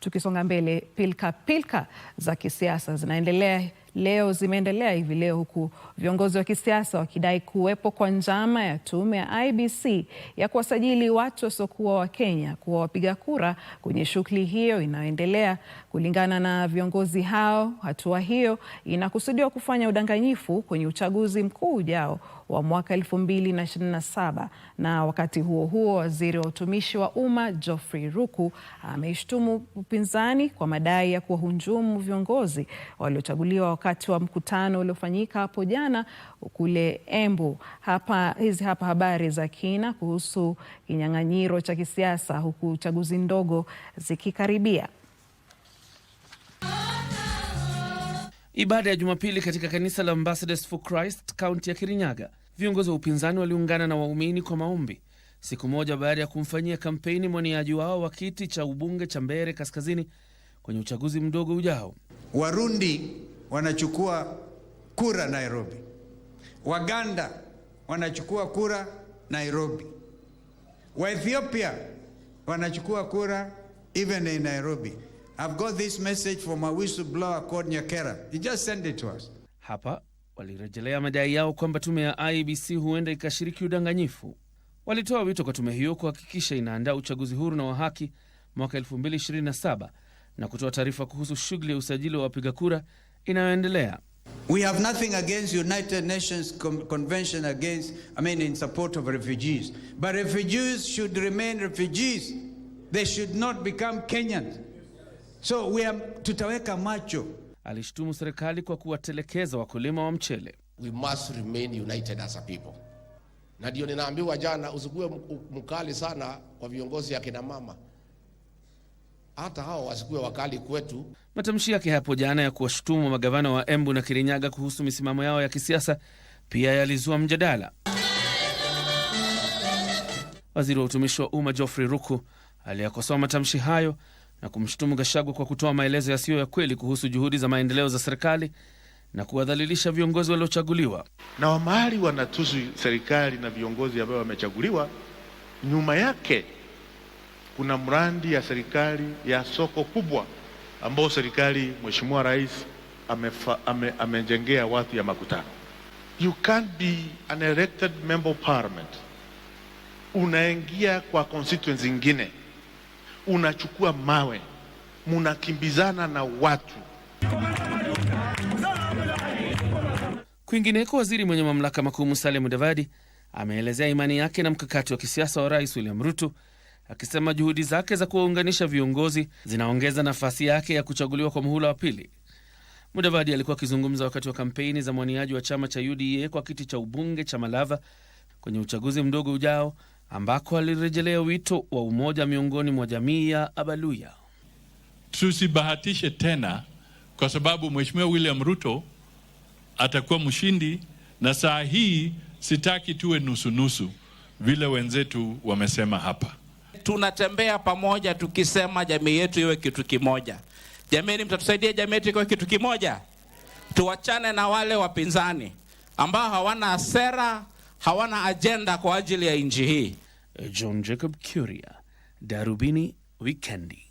Tukisonga mbele, pilka pilka za kisiasa zinaendelea leo, zimeendelea hivi leo, huku viongozi wa kisiasa wakidai kuwepo kwa njama ya tume ya IEBC ya kuwasajili watu wasiokuwa Wakenya kuwa wapiga kura kwenye shughuli hiyo inayoendelea. Kulingana na viongozi hao, hatua hiyo inakusudiwa kufanya udanganyifu kwenye uchaguzi mkuu ujao wa mwaka 2027 na wakati huo huo, waziri wa utumishi wa umma Geoffrey Ruku ameishtumu upinzani kwa madai ya kuwahujumu viongozi waliochaguliwa wakati wa mkutano uliofanyika hapo jana kule Embu. Hapa hizi hapa habari za kina kuhusu kinyang'anyiro cha kisiasa huku chaguzi ndogo zikikaribia. Ibada ya Jumapili katika kanisa la Ambassadors for Christ kaunti ya Kirinyaga Viongozi wa upinzani waliungana na waumini kwa maombi siku moja baada ya kumfanyia kampeni mwaniaji wao wa kiti cha ubunge cha Mbeere Kaskazini kwenye uchaguzi mdogo ujao. Warundi wanachukua kura Nairobi, Waganda wanachukua kura Nairobi, Waethiopia wanachukua kura even in Nairobi. I've got this message from a whistleblower called Nyakera. just it to us. Hapa walirejelea madai yao kwamba tume ya ibc huenda ikashiriki udanganyifu. Walitoa wito kwa tume hiyo kuhakikisha inaandaa uchaguzi huru na wa haki mwaka 2027 na kutoa taarifa kuhusu shughuli ya usajili wa wapiga kura inayoendelea. We have nothing against United Nations Convention against, I mean, in support of refugees. But refugees should remain refugees. They should not become Kenyans. So we are, tutaweka macho alishutumu serikali kwa kuwatelekeza wakulima wa mchele. We must remain united as a people. Na ndio ninaambiwa jana, usikuwe mkali sana kwa viongozi ya mama, hata hao wasikuwe wakali kwetu. Matamshi yake hapo jana ya kuwashutumu magavana wa Embu na Kirinyaga kuhusu misimamo yao ya kisiasa pia yalizua mjadala. Waziri wa utumishi wa umma Geoffrey Ruku aliyakosoa matamshi hayo na kumshutumu Gachagua kwa kutoa maelezo yasiyo ya kweli kuhusu juhudi za maendeleo za serikali na kuwadhalilisha viongozi waliochaguliwa. Na wamahali wanatusi serikali na viongozi ambao wamechaguliwa. Nyuma yake kuna mradi ya serikali ya soko kubwa ambao serikali, Mheshimiwa Rais amejengea ame, watu ya makutano. You can't be an elected member of parliament, unaingia kwa constituency nyingine unachukua mawe, munakimbizana na watu. Kwingineko, waziri mwenye mamlaka makuu Musalia Mudavadi ameelezea imani yake na mkakati wa kisiasa wa Rais William Ruto akisema juhudi zake za kuwaunganisha viongozi zinaongeza nafasi yake ya kuchaguliwa kwa muhula wa pili. Mudavadi alikuwa akizungumza wakati wa kampeni za mwaniaji wa chama cha UDA kwa kiti cha ubunge cha Malava kwenye uchaguzi mdogo ujao ambako alirejelea wito wa umoja miongoni mwa jamii ya Abaluya. Tusibahatishe tena, kwa sababu Mheshimiwa William Ruto atakuwa mshindi, na saa hii sitaki tuwe nusunusu vile wenzetu wamesema hapa. Tunatembea pamoja tukisema jamii yetu iwe kitu kimoja. Jamii, mtatusaidia jamii yetu iwe kitu kimoja, tuwachane na wale wapinzani ambao hawana sera hawana ajenda kwa ajili ya nchi hii. John Jacob Kuria, Darubini Wikendi.